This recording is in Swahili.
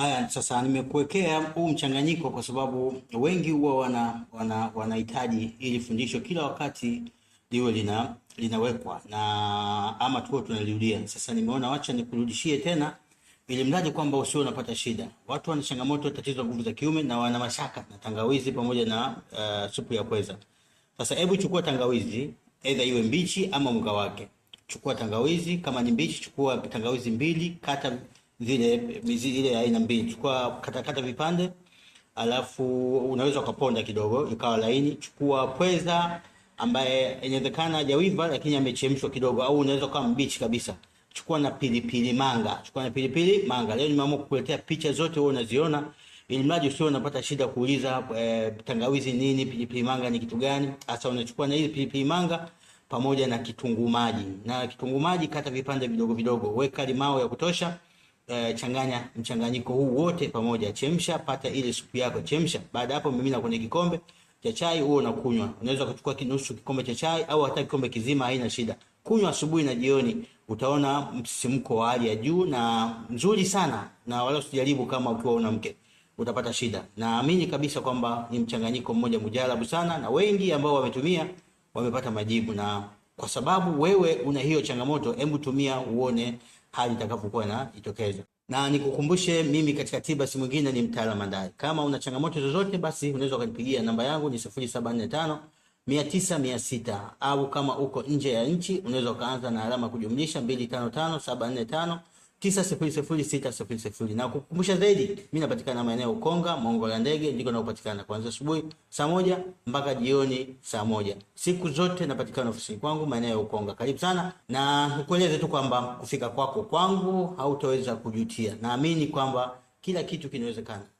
Haya, sasa nimekuwekea huu mchanganyiko kwa sababu wengi huwa wana wanahitaji wana ili fundisho kila wakati liwe lina linawekwa na ama tuo tunalirudia. Sasa nimeona wacha nikurudishie tena, ili mradi kwamba usio unapata shida. Watu wana changamoto tatizo nguvu za kiume na wana mashaka na tangawizi pamoja na uh, supu ya pweza. Sasa hebu chukua tangawizi, aidha iwe mbichi ama mga wake. Chukua tangawizi, kama ni mbichi chukua tangawizi mbili, kata vile mizizi ile aina mbili. Chukua katakata vipande, alafu unaweza ukaponda kidogo ikawa laini. Chukua pweza ambaye inawezekana hajawiva lakini amechemshwa kidogo, au unaweza ukawa mbichi kabisa. Chukua na pilipili manga, chukua na pilipili manga. Leo nimeamua kukuletea picha zote, wewe unaziona ili mradi usio unapata shida kuuliza e, tangawizi nini, pilipili manga ni kitu gani hasa. Unachukua na ile pilipili manga pamoja na kitunguu maji, na kitunguu maji kata vipande vidogo vidogo, weka limao ya kutosha eh, changanya mchanganyiko huu wote pamoja, chemsha, pata ile supu yako, chemsha. Baada hapo, mimina kwenye kikombe cha chai huo unakunywa. Unaweza kuchukua kinusu kikombe cha chai au hata kikombe kizima, haina shida. Kunywa asubuhi na jioni, utaona msisimko wa hali ya juu na nzuri sana, na wala usijaribu kama ukiwa una mke utapata shida. Naamini kabisa kwamba ni mchanganyiko mmoja mujarabu sana, na wengi ambao wametumia wamepata majibu. Na kwa sababu wewe una hiyo changamoto, hebu tumia uone hali itakapokuwa itokeza. Na nikukumbushe mimi katika tiba si mwingine ni mtaalamu Mandari. Kama una changamoto zozote, basi unaweza ukanipigia, namba yangu ni 0745 900 au kama uko nje ya nchi unaweza ukaanza na alama kujumlisha 255 745 sifuri. na kukumbusha zaidi, mimi napatikana maeneo Ukonga, Mongo la Ndege, ndiko naopatikana kuanzia asubuhi saa moja mpaka jioni saa moja. Siku zote napatikana ofisini kwangu maeneo ya Ukonga. Karibu sana, na nikueleze tu kwamba kufika kwako kwangu hautaweza kujutia. Naamini kwamba kila kitu kinawezekana.